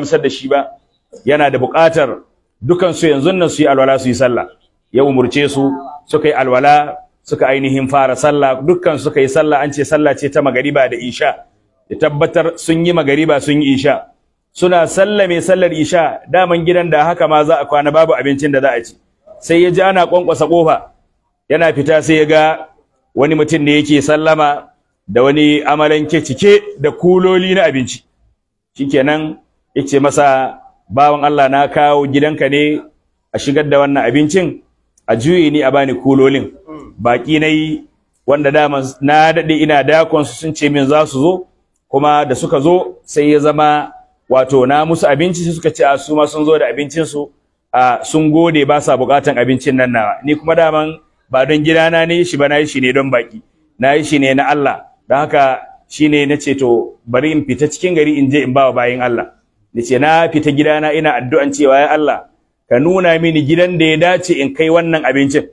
amsar da shi ba yana da buƙatar dukan su yanzu nan su yi alwala su yi sallah ya umurce su suka yi alwala suka ainihin fara sallah dukkan suka yi sallah an ce sallah ce ta magariba da isha ya tabbatar sun yi magariba sun yi isha suna sallah mai sallar isha daman gidan da haka ma za a kwana babu abincin da za a ci sai ya ji ana kwankwasa kofa yana fita sai ya ga wani mutum ne yake sallama da wani amalanke cike da kuloli na abinci shikenan yace masa bawan Allah na kawo gidanka ne a shigar da wannan abincin a juye ni a bani kulolin baki nayi wanda dama na dade ina dakon su sun ce min za su zo kuma da suka zo sai ya zama wato na musu abinci sai suka ce a su ma sun zo da abincin su a sun gode ba sa bukatan abincin nan nawa ni kuma daman ba don gidana ne shi ba na yi shi ne don baki na yi shi ne na Allah don haka shine na ce to bari in fita cikin gari in je in ba wa bayin Allah nace na fita gidana ina addu'an cewa ya Allah ka nuna mini gidan da ya dace in kai wannan abincin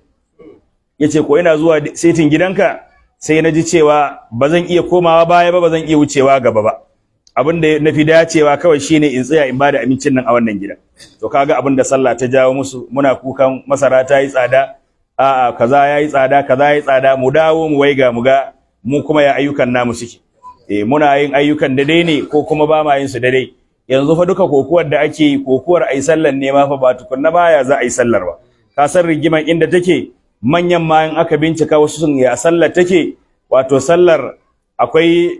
yace ko ina zuwa setin gidanka sai naji cewa ba zan iya komawa baya ba bazan iya wucewa gaba ba abinda da na fi dacewa kawai shine in tsaya in bada abincin nan a wannan gida to kaga abin da sallah ta jawo musu muna kukan masara ta yi tsada a'a kaza yayi tsada kaza yayi tsada mu dawo mu waiga mu ga mu kuma ya ayyukan namu suke eh muna yin ayyukan da dai ne ko kuma ba ma yin su da dai yanzu fa duka kokuwar da ake yi kokuwar ai sallar ne ma fa ba tukunna baya za a yi sallar ba ka san rigimar inda take manyan ma in aka bincika wasu sun ya sallar take wato sallar akwai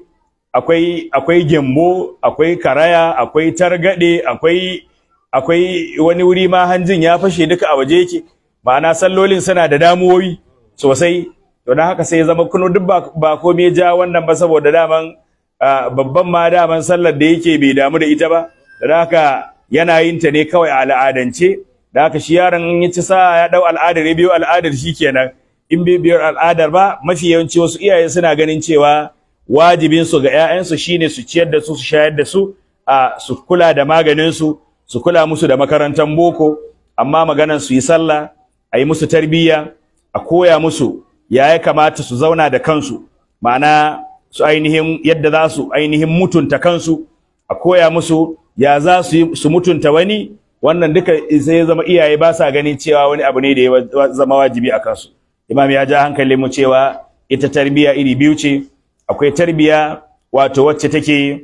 akwai akwai gembo akwai karaya akwai targade akwai akwai wani wuri ma hanjin ya fashe duka a waje yake ma'ana sallolin suna da damuwoyi sosai to don haka sai ya zama kuno duk ba komai ja wannan ba saboda daman babban ma daman sallar da yake bai damu da ita ba da haka yana yin ta ne kawai a al'adance da haka shi yaron in ya ci ya dau al'adar ya biyo al'adar kenan. in bai biyo al'adar ba mafi yawanci wasu iyaye suna ganin cewa wajibin su ga ƴaƴansu shine su ciyar da su su shayar da su a su kula da maganin su su kula musu da makarantar boko amma maganan su yi sallah a yi musu tarbiyya a koya musu ya ya kamata su zauna da kansu ma'ana su ainihin yadda za su ainihin mutunta kansu a koya musu ya za su mutunta wani wannan duka sai zama iyaye ba sa ganin cewa wani abu ne da ya zama wajibi a kansu imam ya ja hankali mu cewa ita tarbiya iri biyu ce akwai tarbiya wato wacce take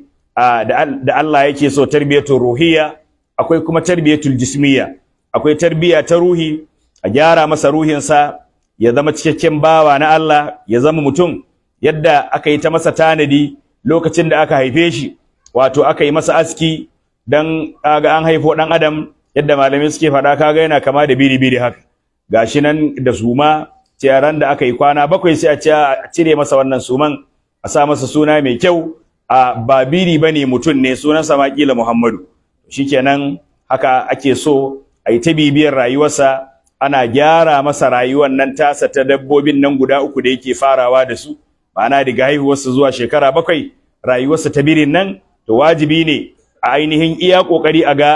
da Allah yake so tarbiyatu ruhiyya akwai kuma tarbiyatul jismiya. akwai tarbiya ta ruhi a gyara masa ruhinsa ya zama cikakken bawa na Allah ya zama mutum yadda aka yi ta masa tanadi lokacin da aka haife shi wato aka yi masa aski dan kaga an haifo dan adam yadda malamai suke faɗa kaga yana kama da biri-biri haka gashi nan da suma ciyaran da aka yi kwana bakwai sai a cire masa wannan suman a sa masa suna mai kyau a ba biri bane mutum ne sunansa ma kila Muhammadu shikenan haka ake so a yi ta bibiyar rayuwarsa ana gyara masa rayuwar nan tasa ta dabbobin nan guda uku da yake farawa da su ma'ana daga haihuwarsa zuwa shekara bakwai rayuwarsa ta birin nan to wajibi ne a ainihin iya kokari a ga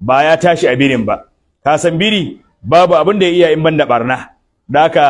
ba ya tashi a birin ba ka san biri babu abin da ya iya in banda barna da haka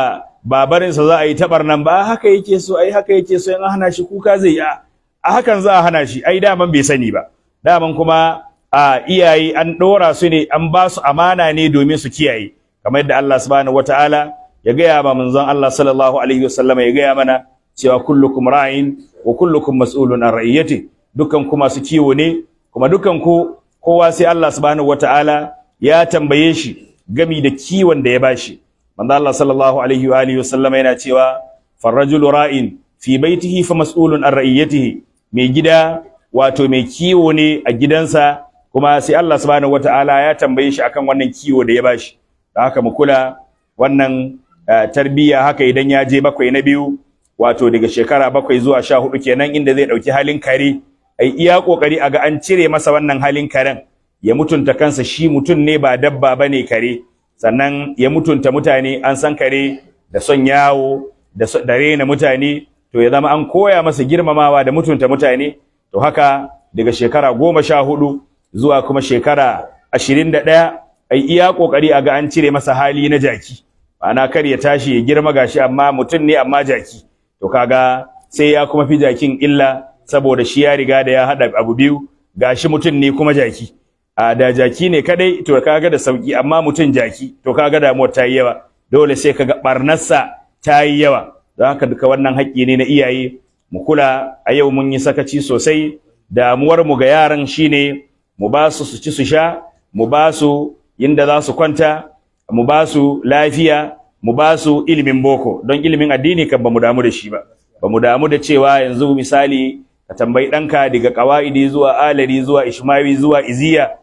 babarinsa za a yi ta nan ba haka yake so ai haka yake so in hana shi kuka zai yi a hakan za a hana shi ai daman bai sani ba daman kuma a iyaye an ɗora su ne an ba su amana ne domin su kiyaye kamar yadda Allah subhanahu wataala ya gaya ma manzon Allah sallallahu alaihi wasallama ya gaya mana cewa kullukum ra'in wa kullukum mas'ulun an ra'iyati dukkan ku masu kiwo ne kuma dukkan ku kowa sai Allah subhanahu wataala ya tambaye shi gami da kiwon da ya bashi manzo Allah sallallahu alaihi wa alihi wasallama yana cewa farrajul ra'in fi baitihi fa mas'ulun an ra'iyatihi mai gida wato mai kiwo ne a gidansa kuma sai Allah subhanahu wataala ya tambaye shi akan wannan kiwo da ya bashi da haka mu kula wannan eh, tarbiyya haka idan ya je bakwai na biyu wato daga shekara bakwai zuwa sha hudu kenan inda zai ɗauki halin kare ai iya kokari a ga an cire masa wannan halin karen ya mutunta kansa shi mutum ne ba dabba ba ne kare sannan ya mutunta mutane an san kare da son yawo da, da rena mutane to ya zama an koya masa girmamawa da mutunta mutane to haka daga shekara goma sha hudu zuwa kuma shekara ashirin da ɗaya ai iya ƙoƙari a ga an cire masa hali na jaki ma'ana kar ya tashi ya girma gashi amma mutum ne amma jaki to kaga sai ya kuma fi jakin illa saboda shi ya riga da ya haɗa abu biyu gashi mutum ne kuma jaki a da jaki ne kadai to kaga da sauki amma mutum jaki to kaga damuwar ta yi yawa dole sai kaga barnarsa ta yi yawa don haka duka wannan haƙƙi ne na iyaye mu kula a yau mun yi sakaci sosai damuwar mu ga yaran shine mu ba su su ci su sha mu ba su inda za su kwanta mu ba su lafiya mu ba su ilimin boko don ilimin addini kan ba mu damu da shi ba ba mu damu da cewa yanzu misali ka tambayi ɗanka daga ƙawa'idi zuwa alari zuwa ishmawi zuwa iziya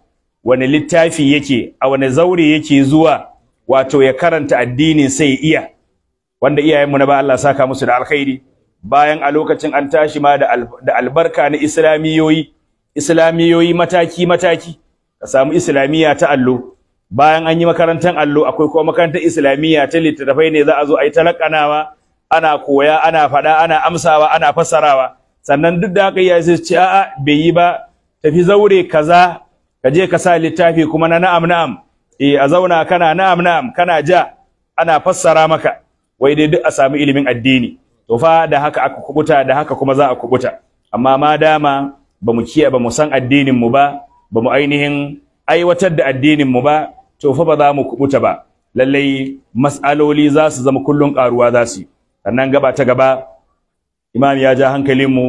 wani littafi yake a wani zaure yake zuwa wato ya karanta addinin sai iya wanda iyayenmu na ba Allah saka musu da alkhairi bayan a lokacin an tashi ma da albarka na islamiyoyi islamiyoyi mataki mataki ka samu islamiyya ta allo bayan an yi makarantar allo akwai kuma makarantar islamiyya ta littattafai ne za a zo a yi talakanawa ana koya ana faɗa ana amsawa ana fassarawa sannan duk da haka iyaye ce a'a bai yi ba tafi zaure kaza ka je ka sa littafi kuma na na'am na'am eh a zauna kana na'am na'am kana ja ana fassara maka wai dai duk a samu ilimin addini to fa da haka aka kubuta da haka kuma za a kubuta amma ma dama bamu kiya bamu san addinin mu ba bamu ainihin aiwatar da addinin mu ba to fa ba za mu kubuta ba lallai mas'aloli za su zama kullun karuwa za su sannan gaba ta gaba imam ya ja hankalin mu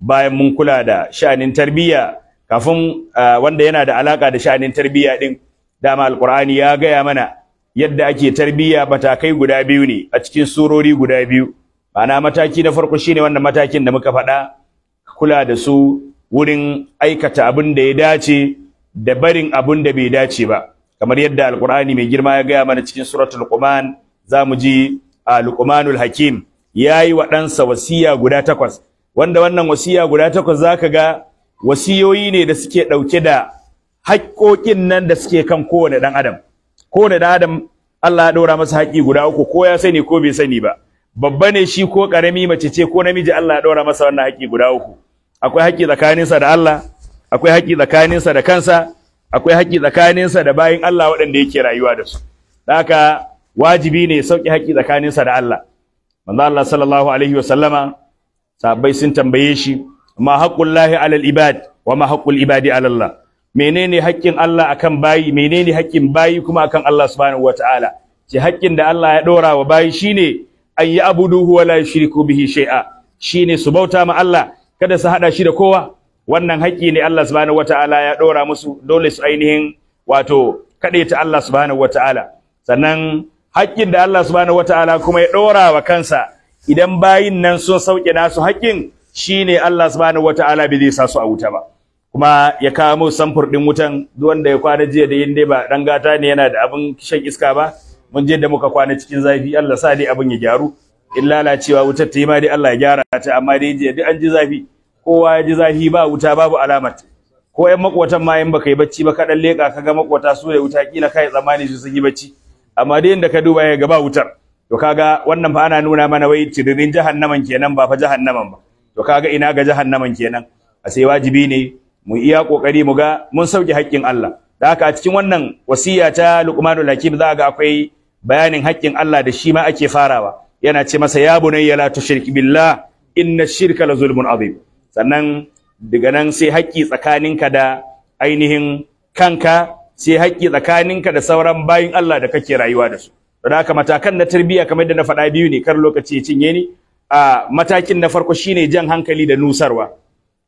bayan mun kula da sha'anin tarbiyya kafin wanda yana da alaka da sha'anin tarbiyya din dama alqur'ani ya gaya mana yadda ake tarbiyya matakai guda biyu ne a cikin surori guda biyu ma'ana mataki na farko shine wannan matakin da muka faɗa kula da su wurin aikata abin da ya dace da barin abin da bai dace ba kamar yadda alqur'ani mai girma ya gaya mana cikin suratul luqman zamu ji alqumanul hakim yayi wa ɗansa wasiya guda takwas wanda wannan wasiya guda takwas zaka ga wasiyoyi ne da suke ɗauke da haƙƙoƙin nan da suke kan kowane dan adam kowane ɗan adam Allah ya ɗora masa haƙƙi guda uku ko ya sani ko bai sani ba babba ne shi ko ƙarami mace ce ko namiji Allah ya ɗora masa wannan haƙƙi guda uku akwai haƙƙi tsakaninsa da Allah akwai haƙƙi tsakaninsa da kansa akwai haƙƙi tsakaninsa da bayan Allah waɗanda yake rayuwa da su haka wajibi ne sauƙi haƙƙi tsakaninsa da Allah manzo Allah sallallahu alaihi wa sallama sahabbai sun tambaye shi ma lahi alal ibad wa ma haqqul ibadi alallah menene haƙƙin Allah akan bayi menene haƙƙin bayi kuma akan Allah subhanahu wataala ce haƙƙin da Allah ya ɗora wa bayi shine an wa la yushriku bihi shay'a shine su bauta ma Allah kada su haɗa shi da kowa wannan haƙƙi ne Allah subhanahu wataala ya ɗora musu dole su ainihin wato ta Allah subhanahu wataala sannan haƙƙin da Allah subhanahu wataala kuma ya ɗora wa kansa idan bayin nan sun sauke nasu haƙƙin shine Allah subhanahu wataala bai zai sa su a wuta ba kuma ya kawo musu samfur ɗin wutan duk wanda ya kwana jiya da yin dai ba Dan gata ne yana da abin shan iska ba mun je da muka kwana cikin zafi Allah sa dai abin ya gyaru in lalacewa wutar ta yi ma dai Allah ya gyara ta amma dai jiya duk an ji zafi kowa ya ji zafi ba wuta babu alamat ko ƴan makwatan ma in baka yi bacci ba ka dan leka ga makwata su da wuta kila kai tsammani su sun yi bacci amma dai inda ka duba ya ga ba wutar to kaga wannan fa ana nuna mana wai tirin jahannaman kenan ba fa jahannaman ba to kaga ina ga jahannaman kenan a sai wajibi ne mu iya kokari mu ga mun sauke haƙƙin Allah da haka a cikin wannan wasiya ta Luqmanul Hakim za ga akwai bayanin haƙƙin Allah da shi ma ake farawa yana ce masa ya bunayya la tushrik billah inna shirka la zulmun azim sannan daga nan sai haƙƙi tsakaninka da ainihin kanka sai haƙƙi tsakaninka da sauran bayin Allah da kake rayuwa da su don haka matakan na tarbiyya kamar da na faɗa biyu ne kar lokaci ya cinye ni a matakin na farko shine jan hankali da nusarwa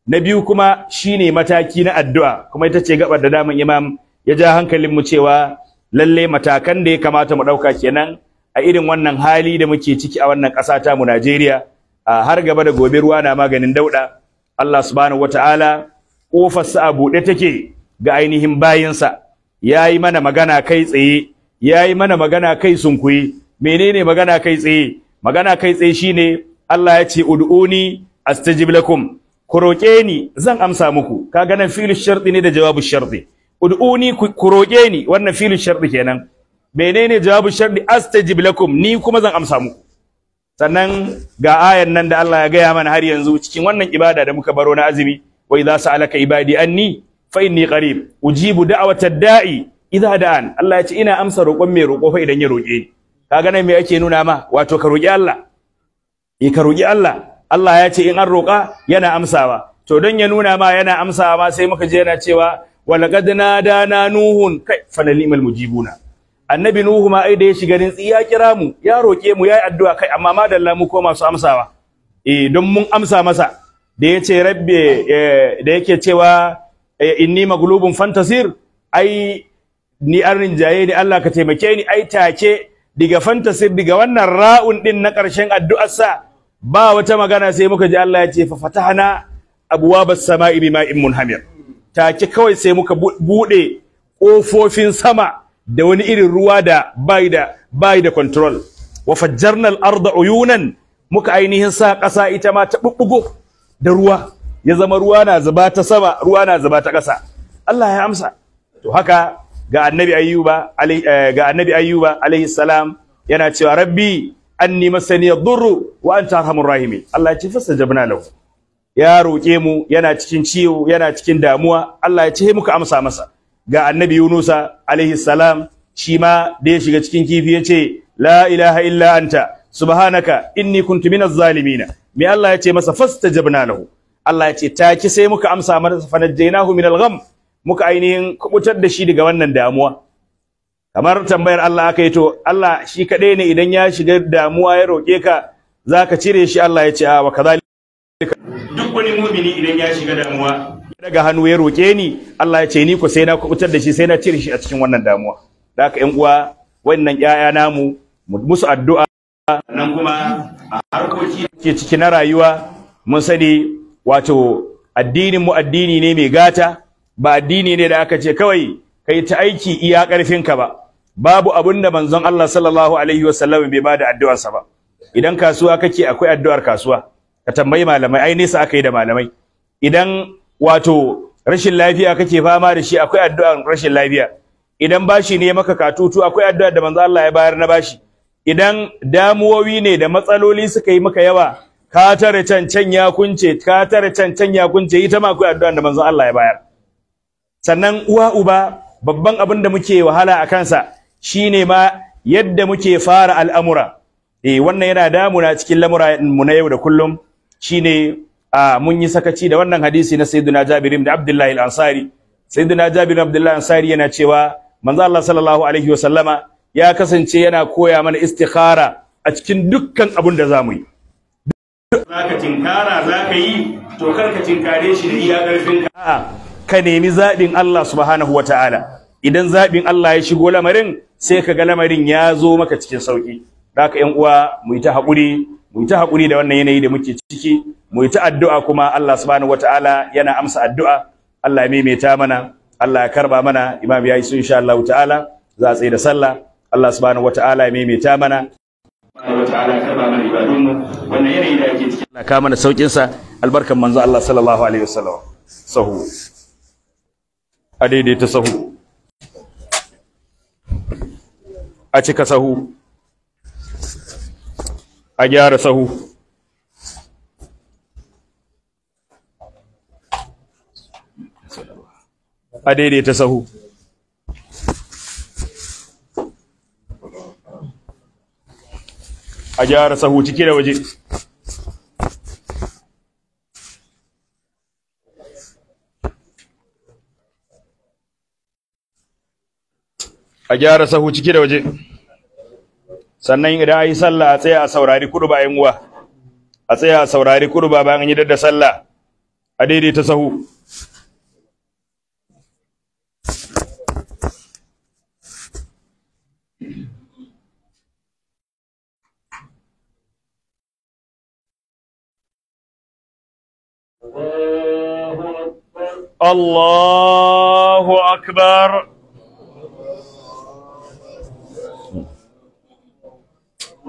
na biyu kuma shine mataki na addu'a kuma ita ce gabar da daman imam ya ja hankalin mu cewa lalle matakan da ya kamata mu ɗauka kenan a irin wannan hali da muke ciki a wannan ƙasa tamu mu Najeriya har gaba da gobe ruwa na maganin dauɗa Allah subhanahu wataala kofarsa a buɗe take ga ainihin bayinsa yayi mana magana kai tsaye yayi mana magana kai sunkuyi menene magana kai tsaye magana kai tsaye shine Allah ya ce ud'uni astajib lakum ku roƙe ni zan amsa muku kaga nan filin sharti ne da jawabu sharti ud'uni ku roƙe ni wannan filin sharti kenan menene jawabu sharti astajib lakum ni kuma zan amsa muku sannan ga ayan nan da Allah ya gaya mana har yanzu cikin wannan ibada da muka baro na azumi za su sa'alaka ibadi anni fa inni qarib ujibu da'watad da'i idza da'an Allah ya ce ina amsa roƙon mai roƙo fa idan ya roƙe ni kaga nan me ake nuna ma wato ka roƙi Allah E, ka roƙi Allah Allah ya ce in an roƙa yana amsawa to don ya nuna ma yana amsawa sai muka je yana cewa walaqad nadana nuhun kai fa ni'mal mujibuna annabi nuhu ma ai da ya shiga nintsi ya kira mu ya roke mu ya yi addu'a kai amma madalla mu ko masu amsawa eh don mun amsa masa da ya ce rabbi eh, da yake cewa eh, inni maglubun fantasir ai ni an rinjaye ni Allah ka taimake ni ai take diga fantasir diga wannan ra'un din na ƙarshen addu'ar sa, ba wata magana sai muka ji Allah ya ce fa fatahna abwabas sama'i bima'in munhamir take kawai sai muka buɗe kofofin sama da wani irin ruwa da bai da bai da control wa fajjarna al-arda uyunan muka ainihin sa ƙasa ita ma ta bubbugo da ruwa ya zama ruwa na zuba ta sama ruwa na zuba ta ƙasa Allah ya amsa to haka ga annabi ayyuba eh, ga annabi ayyuba alaihi salam yana cewa rabbi anni masani yadurru wa anta arhamur rahimin Allah ya ce fastajabna lahu ya roƙe mu yana cikin ciwo yana cikin damuwa Allah ya ce muka amsa masa ga annabi yunusa alaihi salam shi ma da ya shiga cikin kifi ya ce la ilaha illa anta subhanaka inni kuntu minaz na.' me Allah ya ce masa fastajabna lahu Allah ya ce taki sai muka amsa masa fanajjaynahu minal gham muka ainihin kubutar da shi daga wannan damuwa kamar tambayar Allah aka yi to Allah shi kadai ne idan ya shiga damuwa ya roƙe ka za ka cire shi Allah ya ce a wa kadhalika duk wani mu'mini idan ya shiga damuwa daga hannu ya roƙe ni Allah ya ce ni ko sai na kubutar da shi sai na cire shi a cikin wannan damuwa da haka ƴan uwa wannan ƴaƴa namu musu addu'a nan kuma a harkoki ke ciki na rayuwa mun sani wato addinin mu addini ne mai gata ba addini ne da aka ce kawai kai ta aiki iya ƙarfinka ba babu abun da manzon Allah sallallahu alaihi wasallam bai bada addu'arsa ba idan kasuwa kake akwai addu'ar kasuwa ka tambayi malamai ai nesa aka yi da malamai idan wato rashin lafiya kake fama da shi akwai addu'ar rashin lafiya idan bashi ne maka katutu akwai addu'a da manzo Allah ya bayar na bashi idan damuwowi ne da matsaloli suka yi maka yawa ka tare can ya kunce ka tare can ya kunce ita ma akwai addu'a da manzo Allah ya bayar sannan uwa uba babban abin da muke wahala a kansa shine ma yadda muke fara al'amura eh wannan yana damuna cikin lamura mu na yau da kullum shine Ah, mun yi sakaci da wannan hadisi na sayyiduna Jabir ibn Abdullah al-Ansari sayyiduna Jabir ibn Abdullah al-Ansari yana cewa manzo Allah sallallahu alaihi wa sallama ya kasance yana koya mana istikhara a cikin dukkan abun da zamu yi zaka tinkara zaka yi to karka tinkare shi da iya karfin ka A'a ka nemi zabin Allah subhanahu wataala idan zabin Allah ya shigo lamarin sai ka ga lamarin ya zo maka cikin sauki da haka yan uwa mu yi ta haƙuri mu ta hakuri da wannan yanayi da muke ciki mu ta addu'a kuma Allah subhanahu wataala yana amsa addu'a Allah ya maimaita mana Allah ya karba mana imam yayi su insha Allah ta'ala za a tsaye da sallah Allah subhanahu wataala ya maimaita mana wannan yanayi da ake ciki Allah kama da saukin sa albarkan manzo Allah sallallahu alaihi wasallam sahu a daidaita sahu a cika sahu a gyara sahu a daidaita sahu a gyara sahu ciki da waje a gyara sahu ciki da waje sannan idan ayi sallah a tsaye a saurari kurba yan uwa a tsaye a saurari kurba bayan an yi da sallah a daidai ta sahu الله أكبر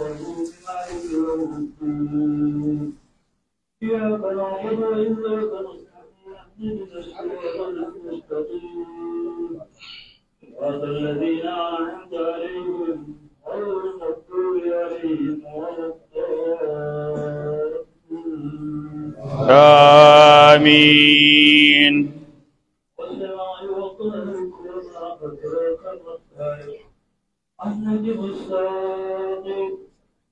إياك نعبد وإياك نستعين اهدنا الصراط المستقيم صراط الذين أنعمت عليهم غير المغضوب عليهم ولا آمين النجم الساقط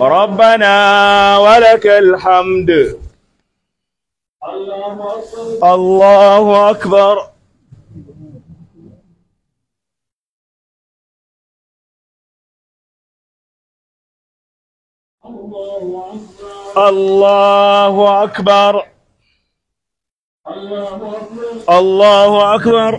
ربنا ولك الحمد الله أكبر الله أكبر الله أكبر الله أكبر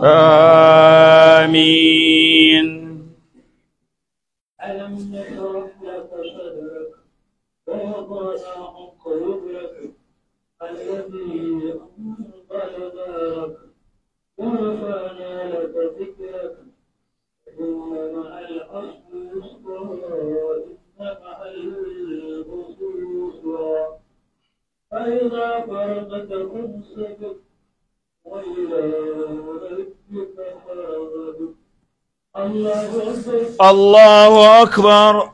Amém. الله أكبر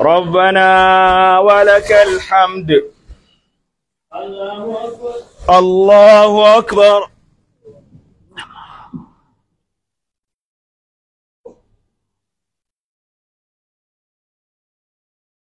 ربنا ولك الحمد الله أكبر الله أكبر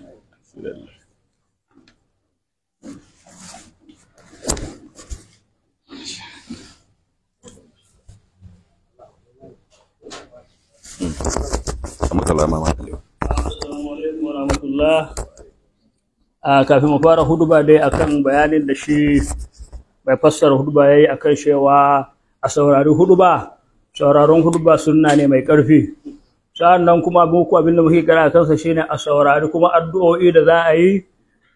الله barakallahu ma a kafin mu fara huduba dai akan bayanin da shi bai fassara huduba yayi akan cewa a saurari huduba sauraron huduba sunna ne mai Sa'an sa'annan kuma boko abin da muke kira kansa shine a saurari kuma addu'o'i da za a yi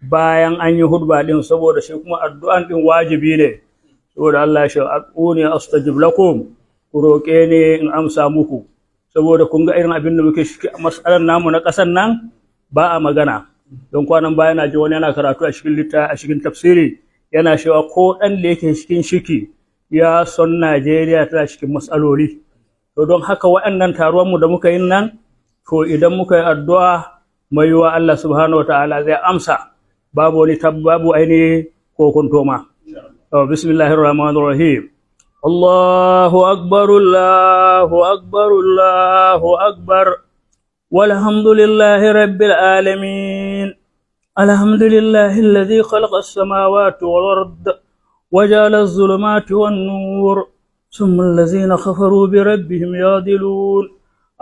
bayan an yi huduba din saboda shi kuma addu'an din wajibi ne saboda Allah ya shi aquni astajib lakum ku roƙe ne in amsa muku saboda kun ga irin abin da muke shi a namu na kasan nan ba a magana don kwanan baya na ji wani yana karatu a cikin litta a cikin tafsiri yana cewa ko ɗan da yake cikin shiki ya son Najeriya tana cikin matsaloli to don haka waɗannan taruwan mu da muka yi nan to idan muka yi addu'a mai yiwa Allah subhanahu wataala zai amsa babu wani babu aini ko kuntoma to bismillahir rahmanir rahim الله أكبر الله أكبر الله أكبر والحمد لله رب العالمين الحمد لله الذي خلق السماوات والأرض وجعل الظلمات والنور ثم الذين كفروا بربهم يعدلون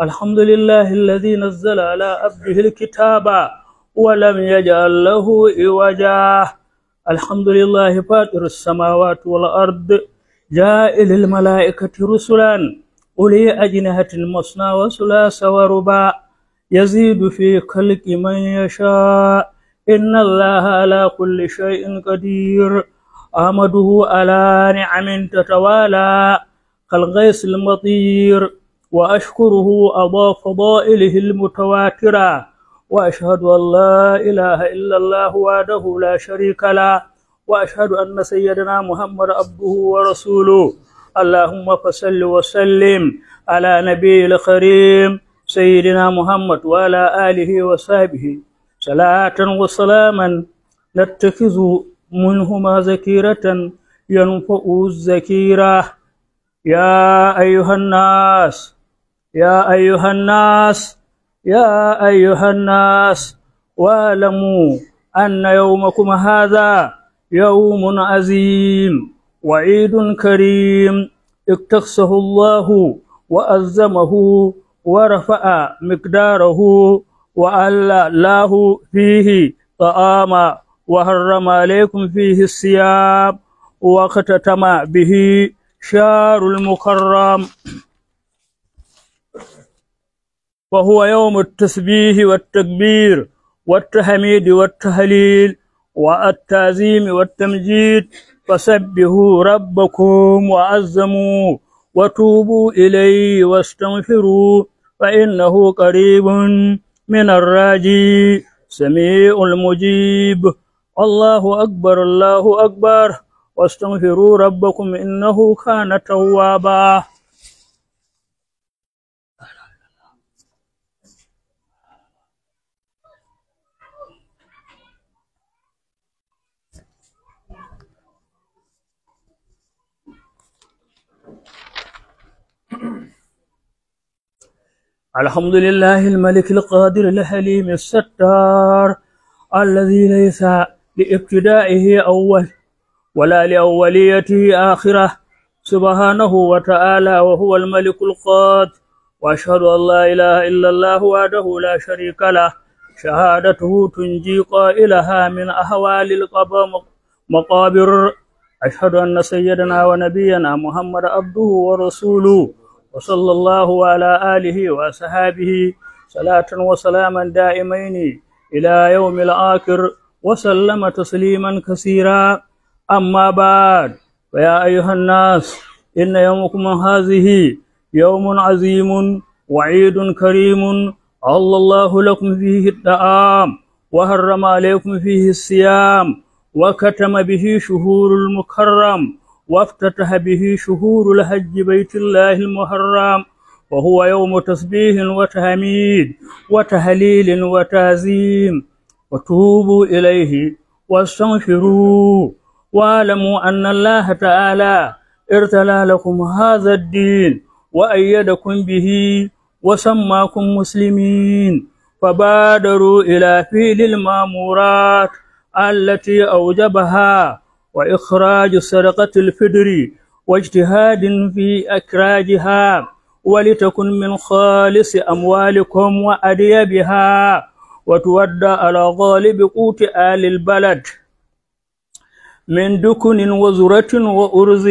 الحمد لله الذي نزل على عبده الكتاب ولم يجعل له عوجا الحمد لله فاطر السماوات والأرض إلى الملائكة رسلا أولي أجنهة مثنى وثلاث ورباع يزيد في خلق من يشاء إن الله على كل شيء قدير أمده على نعم تتوالى كالغيث المطير وأشكره أضاء فضائله المتواترة وأشهد أن لا إله إلا الله وحده لا شريك له وأشهد أن سيدنا محمد عبده ورسوله اللهم فصل وسلم على نبي الكريم سيدنا محمد وعلى آله وصحبه صلاة وسلاما نتخذ منهما ذكيرة ينفع الذكيرة يا أيها الناس يا أيها الناس يا أيها الناس واعلموا أن يومكم هذا يوم عظيم وعيد كريم اقتصه الله وأزمه ورفع مقداره وألا له فيه طعاما وحرم عليكم فيه الصيام واختتم به شهر المكرم وهو يوم التسبيح والتكبير والتحميد والتهليل والتعظيم والتمجيد فسبحوا ربكم وعظموا وتوبوا إليه واستغفروا فإنه قريب من الراجي سميع المجيب الله أكبر الله أكبر واستغفروا ربكم إنه كان توابا الحمد لله الملك القادر الحليم الستار الذي ليس لابتدائه أول ولا لأوليته آخرة سبحانه وتعالى وهو الملك القادر وأشهد أن لا إله إلا الله وحده لا شريك له شهادته تنجي قائلها من أهوال القبر مقابر أشهد أن سيدنا ونبينا محمد عبده ورسوله وصلى الله على آله وصحابه صلاة وسلاما دائمين إلى يوم الآخر وسلم تسليما كثيرا أما بعد فيا أيها الناس إن يومكم هذه يوم عظيم وعيد كريم عل الله لكم فيه الطعام وحرم عليكم فيه الصيام وكتم به شهور المكرم وافتتح به شهور الحج بيت الله المحرم وهو يوم تسبيح وتهميد وتهليل وتعظيم وتوبوا إليه واستغفروا واعلموا أن الله تعالى ارتلى لكم هذا الدين وأيدكم به وسماكم مسلمين فبادروا إلى فعل المامورات التي أوجبها وإخراج سرقة الفدر واجتهاد في أكراجها ولتكن من خالص أموالكم وأديبها وتودى على غالب قوت آل البلد من دكن وزرة وأرز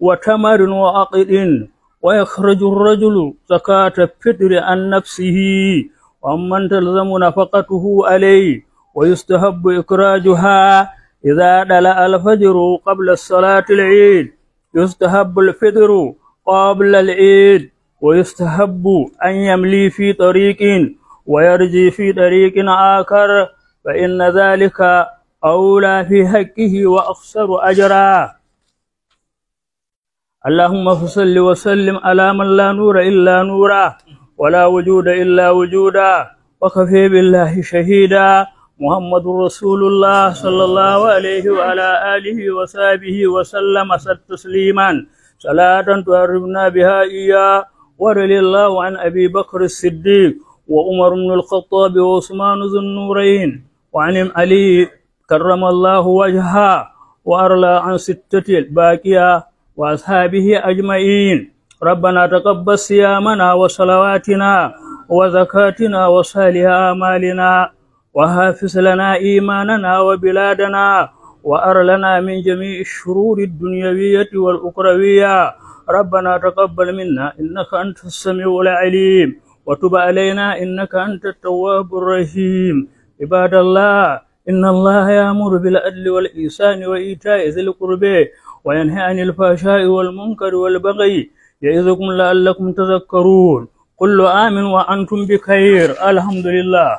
وتمر وعقد ويخرج الرجل زكاة الفدر عن نفسه ومن تلزم نفقته عليه ويستحب إخراجها إذا دلأ الفجر قبل الصلاة العيد يستحب الفطر قبل العيد ويستحب أن يملي في طريق ويرجي في طريق آخر فإن ذلك أولى في حقه وأخسر أجرا اللهم فصل وسلم على من لا نور إلا نورا ولا وجود إلا وجودا وكفي بالله شهيدا محمد رسول الله صلى الله عليه وعلى آله وصحبه وسلم تسليما صلاة تعرفنا بها إياه ورل الله عن أبي بكر الصديق وعمر بن الخطاب وعثمان ذو النورين وعن علي كرم الله وجهه وأرلى عن ستة الباكية وأصحابه أجمعين ربنا تقبل صيامنا وصلواتنا وزكاتنا وصالح أعمالنا وهافس لنا إيماننا وبلادنا وأر لنا من جميع الشرور الدنيوية والأخروية ربنا تقبل منا إنك أنت السميع العليم وتب علينا إنك أنت التواب الرحيم عباد الله إن الله يأمر بالعدل والإحسان وإيتاء ذي القربى وينهى عن الفحشاء والمنكر والبغي يعظكم لعلكم تذكرون كل آمن وأنتم بخير الحمد لله